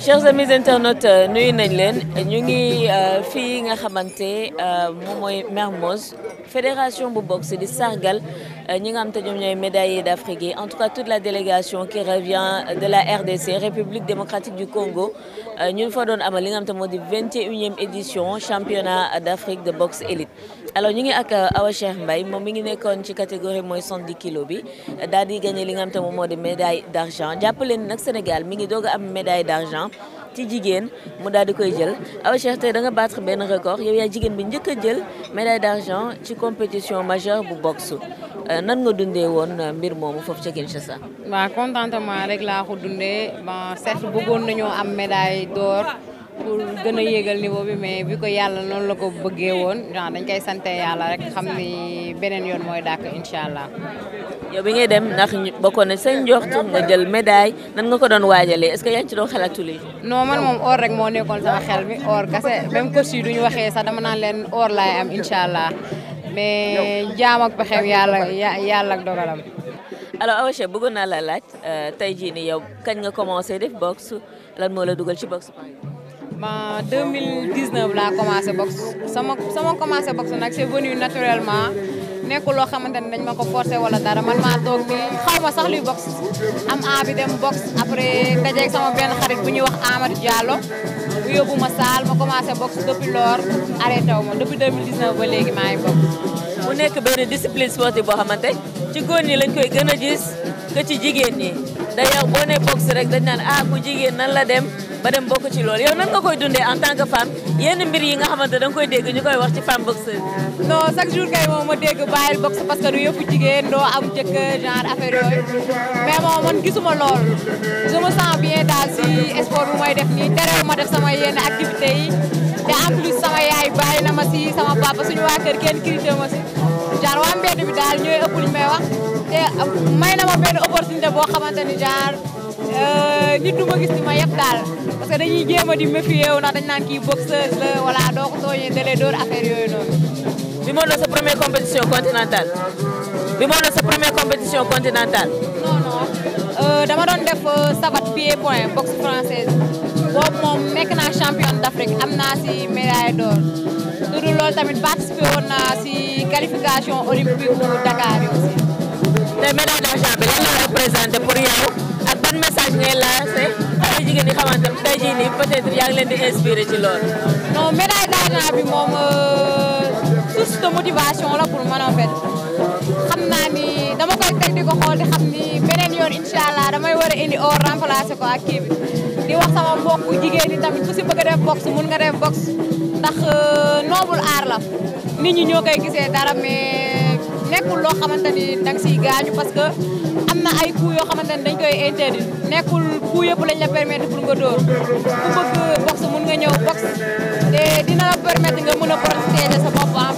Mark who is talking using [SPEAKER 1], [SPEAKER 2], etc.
[SPEAKER 1] chers amis internautes euh, nous sommes leen Nous ngi euh, fii nga euh, fédération de boxe de sargal Nous avons les médaille d'Afrique en tout cas toute la délégation qui revient de la RDC République démocratique du Congo nous fa doon amal li 21e édition championnat d'Afrique de boxe élite alors nous ngi ak Awa Cheikh Mbaye catégorie 110 kg. kg. kilos bi gagné li nga médaille d'argent Nous sommes Sénégal mi ngi de médaille d'argent ans ci jigéen mu daal di koy jël Awa Cheikh tey da benn record yow yaay jigéen bi njëkk a jël médaille d'argent ci compétition majeure bu boxe euh, nan nga dundee woon euh, mbir moomu foofu ca Kinshasa.
[SPEAKER 2] waaw contentement rek laa ko dundee bon certes bëggoon nañoo am médaille d'or pour gën a yéegal niveau bi mais bi ko yàlla noonu la ko bëggee woon genre dañ koy sante yàlla rek xam ni beneen yoon mooy dàkk incha allah.
[SPEAKER 1] yow bi ngay dem ndax bokkoon na seen njortu nga jël médaille nan nga ko doon waajalee est-ce que yaa ngi ci doon xalaatu lii.
[SPEAKER 2] non man moom or rek moo nekkoon sama xel mi or kase même coach yi duñu waxee sax dama naan leen or laay am incha allah mais jaam ak pexeem yàlla yàlla ak dogalam.
[SPEAKER 1] alors Awa Cheikh bëggoon naa la laaj euh, tey jii ni yow kañ nga commencé def boxe lan moo la dugal ci boxe.
[SPEAKER 2] ba 2019 laa commencé box sama sama commencé box nag c'est venu naturellement nekkuloo loo xamante ne dañ ma ko forcé wala dara man maa toog ni xaw sax luy box am bi dem box après dajeeg sama benn xarit bu ñuy wax Amadou Diallo bu yóbbu saal ma commencé box depuis lors arrêté wu ma depuis
[SPEAKER 1] 2019 ba léegi maa ngi box. mu nekk benn discipline sportive boo xamante ci góor yi lañ koy gën a gis ci jigéen ñi d'ailleurs boo nee box rek dañ naan ah ku jigéen nan la dem. ba dem bokk ci loolu yow nan nga koy dundee en tant que femme yenn mbir yi nga xamante da koy dégg ñu koy wax ci femme boxeuse. chaque jour kay moom ma dégg bàyyil box parce que du yëpp jigéen doo am jëkkër
[SPEAKER 2] genre affaire yooyu mais moom man gisuma lool je me sens daal si sport bu may def nii terewul ma def sama yenn activité yi te en plus sama yaay bàyyi na ma si sama papa suñu waa kër kenn critiqué ma si genre waa mbedd bi daal ñooy ëpp lu may ma benn opportunité boo xamante ni Euh, nit du ma gis ni ma yëpp daal parce que dañuy jéem di méfier wu ndax dañ naan kii boxeuse la wala doo ko tooñee dalee dóor affaire yooyu
[SPEAKER 1] noonu. bi moo doon sa première compétition continentale. bi moo doon sa première compétition continentale. non non euh, dama doon def euh, savate pied point boxe française
[SPEAKER 2] boobu moom nekk naa championne d'Afrique am naa si médaille d'or lu dul tamit participé woon naa si qualification olympique Dakar yi aussi. te
[SPEAKER 1] médaille d'argent bi la représenté ban message ngay lancé ay jigéen yi xamante ne tey jii nii peut-être yaa ngi leen bi moom euh,
[SPEAKER 2] source de motivation la pour man en xam naa dama koy teg di ko xool di xam ni beneen yoon incha allah damay war a indi or remplacé ko ak di wax sama mbokku jigéen ñi tamit ku si bëgg a box mun nga def box ndax euh, noobul aar la nit ñi ñoo koy gisee dara mais nekkul loo xamante ni danga gaañu parce que. am na ay coups yoo xamante ne dañ koy interdit nekkul coups yëpp lañ la permettre pour nga dóor ku bëgg boxe mun nga ñëw boxe te dina la permettre nga mën a protéger
[SPEAKER 1] sa bopp ah.